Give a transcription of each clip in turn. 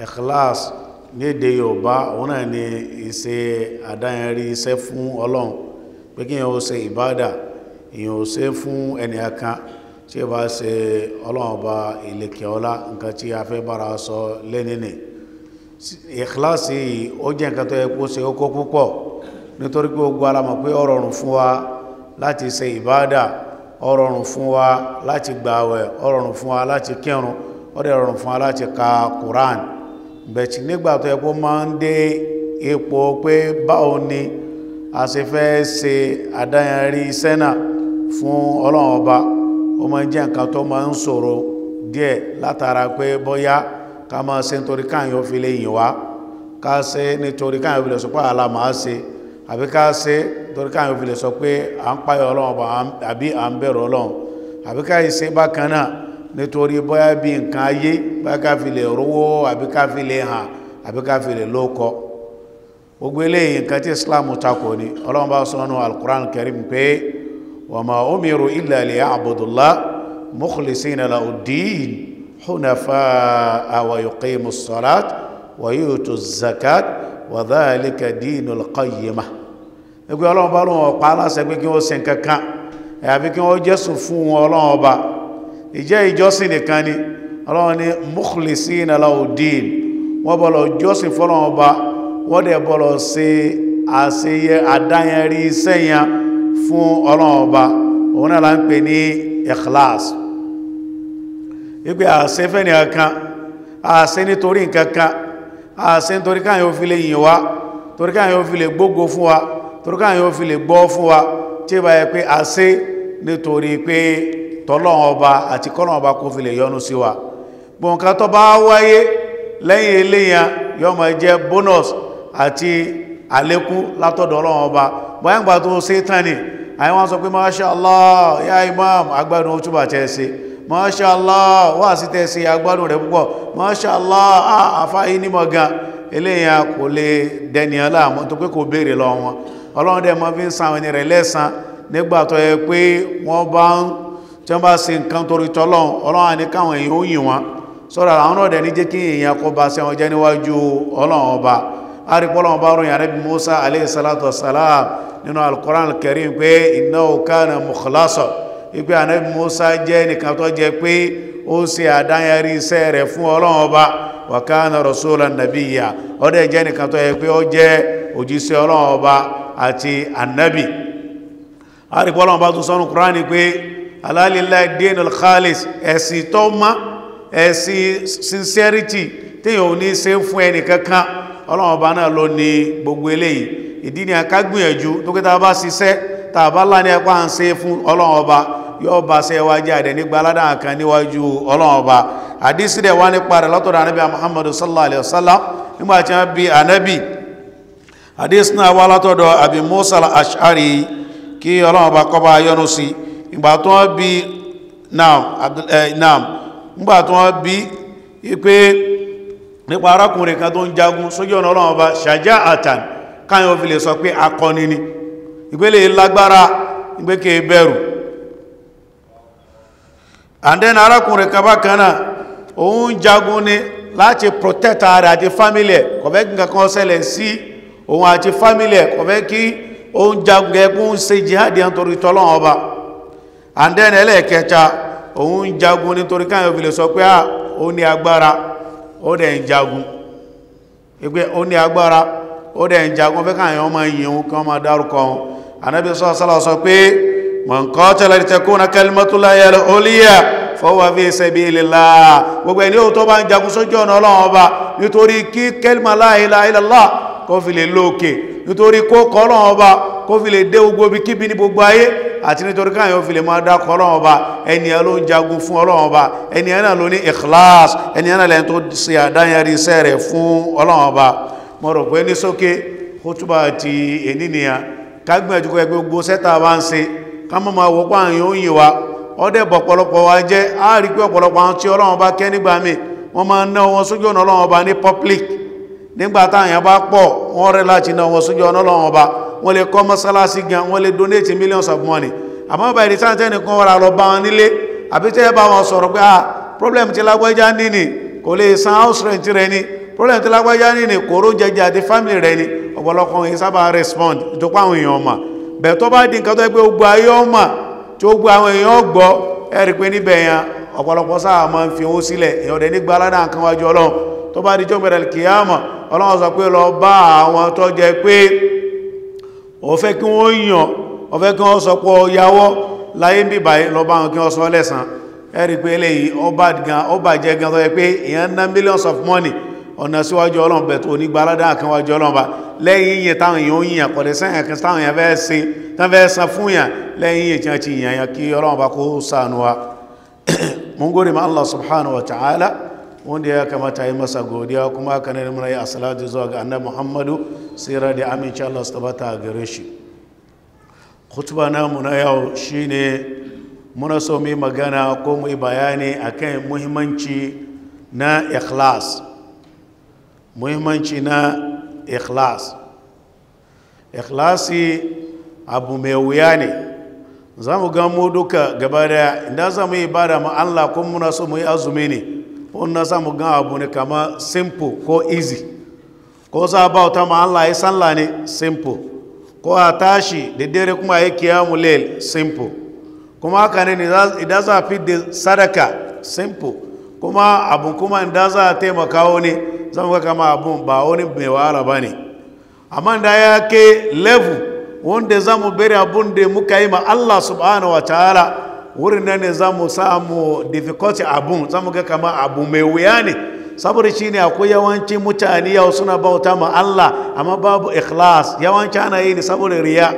ikhlas ní èdè Yorùbá òun na ni ise àdáyẹrí iṣẹ́ fún Ọlọ́run pé kí èèyàn ó ṣe ìbádà èèyàn ò ṣe fún kan se ba ọba ìlẹ̀kẹ̀ ọlá nke a fẹ́ ikhlas yìí ó jẹ́ nǹkan tó yẹ kó ṣe gbogbo ara mọ̀ pe ó rọrùn wa láti ṣe ìbádà ka bẹ̀tì nígbà tó ẹkọ́ máa ń dé ipò pé báwo ni a ṣe fẹ́ ṣe àdáyanrí sẹ́nà fún ọlọ́run ọba ó máa ń jẹ́ nǹkan tó máa ń ṣòro díẹ̀ látara pé bóyá ká máa ṣe nítorí káàyàn fi lè yìn wá ká se nítorí káàyàn fi lè sọ pé àlà máa ṣe àbí ká ṣe nítorí káàyàn fi lè sọ pé à ń páyọ ọlọ́run ọba àbí à ń bẹ̀rù ọlọ́run àbí ká ṣe bákan náà nítorí bóyá bí nǹkan ayé bá káfilẹ̀ rówó àbí káfilẹ̀ hàn àbí káfilẹ̀ lóòkọ́ gbogbo eléyìí nǹkan tí Islam takò ní Ọlọ́run bá sọ nínú Al-Qur'an Karim pé wa ma umiru illa liya'budullah mukhlisina lahu-d-din hunafa'a wa yuqimus-salat wa yutuz-zakat wa kí wọ́n sin fún Ọlọ́run ìjẹ́ ìjọsìn nìkan ni ọlọ́run ni mukhlisina lahu din wọ́n bọ́lọ̀ jọ́sìn fọ́lọ́run ọba wọ́n dẹ̀ bọ́lọ̀ ṣe àṣeyẹ àdáyẹrí sẹ́yà fún ọlọ́run ọba òun náà la ń pè ní ikhlas wípé àṣẹ fẹ́ ní kankan àṣẹ nítorí nǹkan kan àṣẹ nítorí káyàn ó fi lè yìn wá torí káyàn ó fi lè gbógo tí ó bá yẹ pé àṣẹ nítorí pé tọ́lọ́wọ́n ọba àti kọ́lọ́wọ́n ọba kó fi lè yọ́nú sí wa gbọǹkà tó bá wáyé lẹ́yìn eléyàn yóò máa jẹ́ bonus àti àlékún látọ̀dọ̀ ọlọ́wọ́n ọba bọ́yàngbà tó ṣe tán ni àyẹ́ wọ́n sọ pé masha Allah ya imam agbádùn ojúbà tẹ́ ṣe masha Allah wà sí tẹ́ ṣe agbádùn rẹ̀ púpọ̀ masha Allah àfáyí nímọ̀ gan eléyàn kò lè dẹniyàn láàmú tó pé kò béèrè lọ wọn ọlọ́run dẹ̀ mọ́ fi ń san ẹni rẹ̀ lẹ́san nígbà tó pé wọ́n bá ń tí wọ́n bá ṣe nǹkan torí tọ́lọ́n ọlọ́run àní káwọn èèyàn ó yìn wọn sọ́rọ̀ àwọn náà dẹ̀ ní jẹ́ kí èèyàn kó bá sẹ́wọ̀n jẹ́ níwájú ọlọ́run ọba arìpọ́lọ́run bá ròyìn àrẹ́bí Musa alayhi salatu al-Qur'an al-Karim pé innahu kana mukhlasa ipe àrẹ́bí Musa jẹ́ nìkan tó jẹ́ pé ó ṣe àdáyẹrí iṣẹ́ rẹ̀ fún ọlọ́run ọba wa kana rasulan nabiyya ó dẹ̀ jẹ́ nìkan tó jẹ́ pé ó jẹ́ òjíṣẹ́ ọlọ́run ọba àti ànábì bá tún sọ́nù Qur'an ni pé alálìlá dínul khalis ẹ̀sìn tó mọ́ ẹ̀sìn sincerity tí yíò ní ṣe fún ẹni kankan ọlọ́run ọba náà ló ní gbogbo eléyìí ìdí ni a ká gbìyànjú tó kíta bá ṣiṣẹ́ tàbá lá ní ẹpá ń ṣe fún ọlọ́run ọba yóò bá ṣe wájú àdẹ̀ nígbà aládàá kan níwájú ọlọ́run ọba àdísí rẹ̀ wá nípa rẹ̀ lọ́tọ̀dọ̀ anábì muhammadu sallallahu alayhi wa nígbà tí wọ́n bí anábì ìgbà tó wọ́n bí naam ìgbà tó wọ́n bí pé nípa arákùnrin kan tó ń jagun sójú ọ̀nà ọba ṣàjá àtàn káyọ̀ fi lè sọ pé akọni ni ìgbélé lágbára ìgbékè bẹ̀rù and arákùnrin kan bákan náà òun jagun ni láti protect ara àti family ẹ̀ kí nǹkan ṣẹlẹ̀ sí òun àti family ẹ̀ kí òun jagun se ṣe jihadi and then ẹlẹ́ẹ̀kẹta òun jagun nítorí káyọ̀ fi lè sọ pé ah, ó ní agbára ó dẹ̀ ń jagun ìgbé ó ní agbára ó dẹ̀ ń jagun fẹ́ káyọ̀ ọmọ yìnyìn kí wọ́n máa dárúkọ wọn anábí sọ́sọ́lá sọ pé man qatala litakuna kalimatullahi al-ulya fahuwa fi sabilillah gbogbo ẹni tó bá ń jagun sójú ọ̀nà Ọlọ́run ọba nítorí kí kalima la kó fi lè dé ogbó bí kíbi ní gbogbo ayé àti nítorí káyọ̀ fi lè máa dákọ̀ ọlọ́run ọba ẹni ẹ ló ń jagun fún ọlọ́run ọba ẹni ẹ náà ló ní ikhlas ẹni ẹ náà lẹ́yìn tó ṣe àdáyẹrí iṣẹ́ rẹ̀ fún ọlọ́run ọba mo rò pé ní sókè kútùbà ti èní nìyà kágbìyànjú kọ ẹgbẹ́ gbogbo sẹ́ta bá ń ṣe public nígbà táwọn bá pọ̀ wọ́n rẹ̀ láti ná wọn sójú ọ̀nà ọlọ́run ọba wọ́n lè kọ́ mọ́sálásí gan wọ́n lè donate millions of money àmọ́ bá ìdí sáà tẹ́nì kan wọ́ra lọ bá wọn nílé àbí tẹ́ bá wọn sọ̀rọ̀ pé ah problem ti lágbájá ní ni kò lè san house rent rẹ ni problem ti lágbájá ní ni kò rún jẹjẹ àti family rẹ ni ọ̀pọ̀lọpọ̀ yìí sábà respond tó pa àwọn èèyàn mà bẹ́ẹ̀ tó bá di nǹkan tó yẹ pé gbogbo ayé ọmọ tí ó gbọ́ àwọn èèyàn gbọ́ ẹ rí pé níbẹ̀ yẹn ọ̀pọ̀lọpọ̀ sáà máa ń fi owó sílẹ̀ èèyàn dẹ̀ nígbà aládà nǹkan wájú ọlọ́run tó bá di jọ́gbẹ̀rẹ̀ kìí àmọ̀ ọlọ́run sọ pé lọ bá àwọn tó jẹ pé o fẹ́ kí wọ́n yàn ó fẹ́ kí wọ́n sọ pọ̀ yàwó láyé ń bíbà lọ́bá wọn kí wọ́n sọ lẹ́sàn ẹ̀rí pé eléyìí ọba gan ọba jẹ́ gan tó yẹ pé èèyàn ná millions of money ọ̀nà síwájú ọlọ́run bẹ̀ tó ní gbaládà kan wájú ọlọ́run bá lẹ́yìn yẹn táwọn èèyàn wanda ya kamata yi masa godiya kuma aka ne muna yi salatu zuwa ga annabi muhammadu sira da aminci allah su tabbata a gare shi na namu na yau shine muna so mu magana ko mu yi bayani akan muhimmanci na ikhlas muhimmanci na ikhlas ikhlasi abu mai wuya ne za mu ga mu duka gaba daya inda za mu yi ibada ma Allah kuma muna so mu yi azumi ne wannan samu gan abu ne kama simple ko easy ko za a ta ma Allah ya la ne simple ko a tashi da dare kuma ya kiyamu lail simple kuma haka ne idan za a fi da sadaka simple kuma abun kuma idan za a taimaka wani zama kama abun ba wani mai wahala ba ne amma da ya ke level wanda za mu bari abun da muka yi ma Allah subhanahu wa ta'ala wurin nan ne za mu samu difficulty abun za mu ga kama abu mai wuya ne saboda shi ne akwai yawancin mutane yau suna bauta ma Allah amma babu ikhlas yawanci ana yi ne saboda riya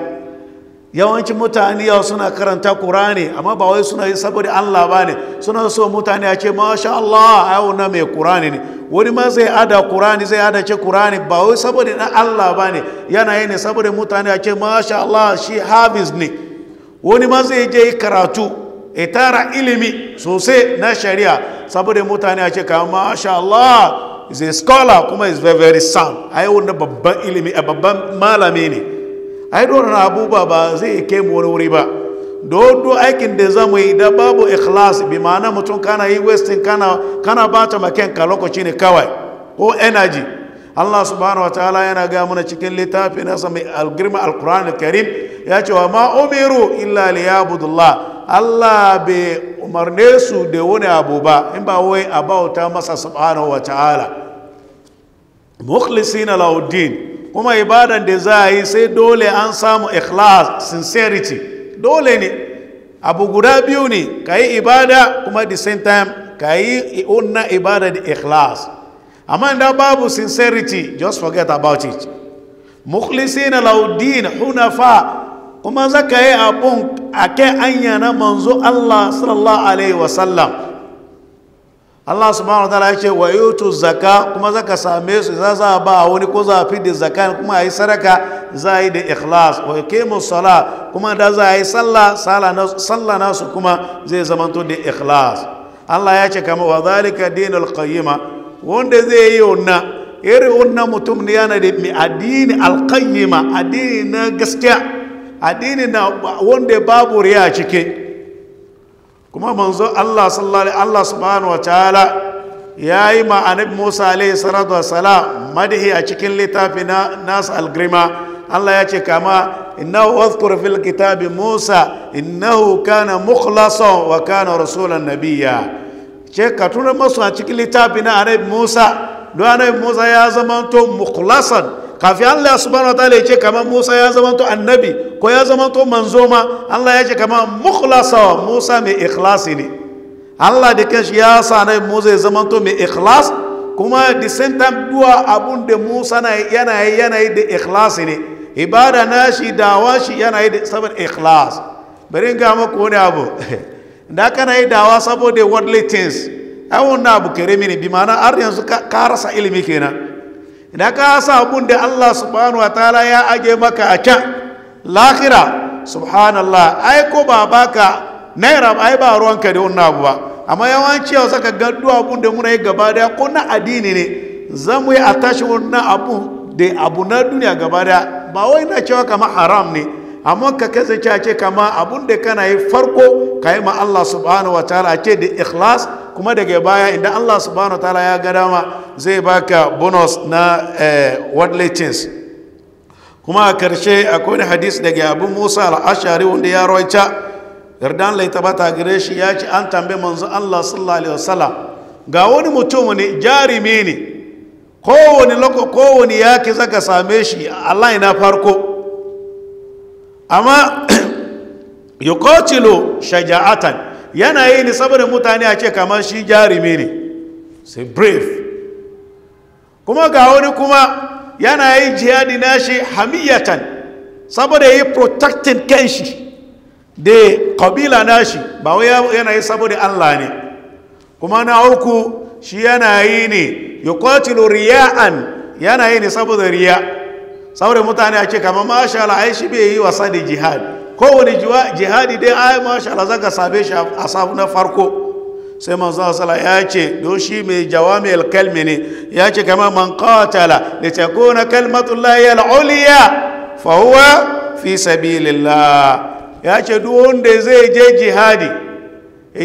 yawancin mutane yau suna karanta Qur'ani amma ba wai suna yi saboda Allah ba ne suna so mutane a ce masha Allah yau na mai Qur'ani ne wani ma zai ada Qur'ani zai ada ce Qur'ani ba wai saboda na Allah ba ne yana yi ne saboda mutane a ce masha Allah shi hafiz ne wani ma zai je karatu E tara ilimi sosai na shari'a saboda mutane a ce kama masha Allah is a scholar kuma is very very sound ai wannan babban ilimi a babban malami ne ai dole na abubuwa ba zai kai mu wani wuri ba dodo aikin da zamu yi da babu ikhlas bi ma'ana mutum kana yi wasting kana kana bata ka lokaci ne kawai ko energy Allah subhanahu wa ta'ala yana ga mana cikin littafin, nasa mai algirma alkur'an alkarim ya ce wa ma umiru illa liyabudullah Allah bai umarne su da wani abu ba in ba wai a bauta masa subhanahu wa ta'ala mukhlisina lauddin kuma ibadan da za a yi sai dole an samu ikhlas sincerity dole ne abu guda biyu ne ka yi ibada kuma the same time ka yi unna ibada da ikhlas amma da babu sincerity just forget about it laudin lauddin hunafa kuma zaka yi abun a kai anya na manzo Allah sallallahu alaihi wasallam Allah subhanahu wataala ya ce wa yutu zaka kuma zaka same su za za ba wani ko za fi da zaka kuma yi sadaka za yi da ikhlas wa yuqimu sala kuma da za yi sallah sallah nasu kuma zai zamanto da ikhlas Allah ya ce kama wa zalika dinul qayyima wanda zai yi wannan irin wannan mutum ne yana da addini alqayyima addini na gaskiya adini na wonde babu riya cike kuma manzo Allah sallallahu alaihi Allah subhanahu wa ta'ala yayi ma anab Musa alaihi salatu wassalam madhi a cikin littafi na nas algrima Allah ya ce kama inna wadhkur fil kitab Musa innahu kana mukhlasan wa kana rasulan nabiyya ce ka tura masu a cikin littafi na annabi Musa do anab Musa ya zama to mukhlasan kafin Allah subhanahu wa ta'ala ya ce kamar Musa ya zamanto annabi ko ya zamanto manzo ma Allah ya ce kamar mukhlasa Musa mai ikhlasi ne Allah da kanshi ya sa nai Musa ya zamanto mai ikhlas kuma the same time duwa abun da Musa na yana yi yana yi da ikhlasi ne ibada na shi dawa shi yana yi da saboda ikhlas bari ga muku wani abu da kana yi dawa saboda worldly things ai wannan abu kare mini bi ma'ana har yanzu ka rasa ilimi kenan idan ka sa abun da Allah subhanahu wa ta'ala ya age maka a can lahira subhanallah ai ko ba baka naira ai ba ruwanka da wannan abu ba amma yawanci yau saka ga abun da muna yi gaba daya ko na addini ne Zan yi tashi wannan abu da abu na duniya gaba daya ba wai na cewa kamar haram ne amma ka kasance a ce kama abun da kana yi farko ka yi ma Allah subhanahu wa ta'ala a ce da ikhlas kuma daga baya idan Allah subhanahu ta'ala ya ga dama zai baka bonus na eh, worldly things kuma a karshe akwai hadisi hadis daga abin musa al'ashari wanda ya roica yardan lai tabata gare shi ya ci an tambaye manzo Allah sallallahu alaihi wasallam ga wani mutum ne jarime ne kowane loko kowane yaki zaka same shi Allah na farko amma yuqatilu shaja'atan yana yi ne saboda mutane a ce kamar shi jarumi ne sai brave kuma ga wani kuma yana yi jihadi na shi hamiyatan saboda yi protecting kanshi da kabila na shi ba wai yana yi saboda allah ne kuma na uku shi yana yi ne ya kwatilo riya'an yana yi ne saboda riya saboda mutane a ce kamar masha ai shi bai yi wasa da jihadi kowane jihadi dai ai masha Allah zaka sabe shi a safu na farko sai manzo sallallahu ya ce do shi mai jawami al-kalmi ne ya ce kamar man qatala li takuna kalmatullahi al-ulya fa huwa fi sabilillah ya ce duk wanda zai je jihadi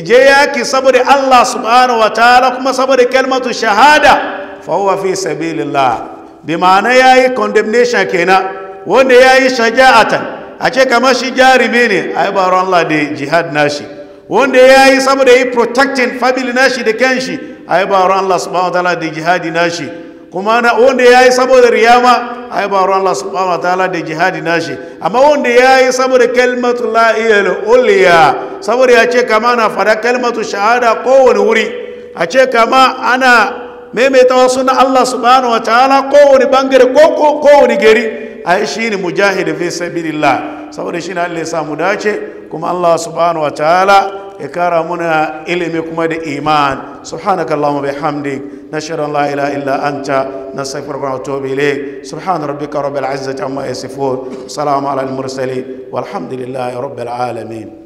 je yaki saboda Allah subhanahu wa ta'ala kuma saboda kalmatu shahada fa huwa fi sabilillah bi ma'ana yayi condemnation kenan wanda yayi shaja'atan a ce kamar shi jarime ne a yi baron Allah da jihad nashi wanda ya yi saboda yi protecting family nashi da kenshi a yi baron Allah subhanahu wa ta'ala da jihad nashi kuma wanda ya yi saboda riyama a yi baron Allah subhanahu wa ta'ala da jihad nashi amma wanda ya yi saboda kalmatu la'iyar uliya saboda ya ce kama na fada kalmatu shahada kowane wuri a ce kama ana maimaita wasu na Allah subhanahu wa ta'ala kowane bangare ko kowane gari ai shine mujahid fi sabilillah saboda shine Allah ya sa mu dace kuma Allah subhanahu wa ta'ala ya kara muna ilimi kuma da iman subhanaka allahumma bihamdik nashhadu an la ilaha illa anta nastaghfiruka wa natubu ilayk subhana rabbika rabbil izzati amma yasifun salamun alal mursalin walhamdulillahi rabbil alamin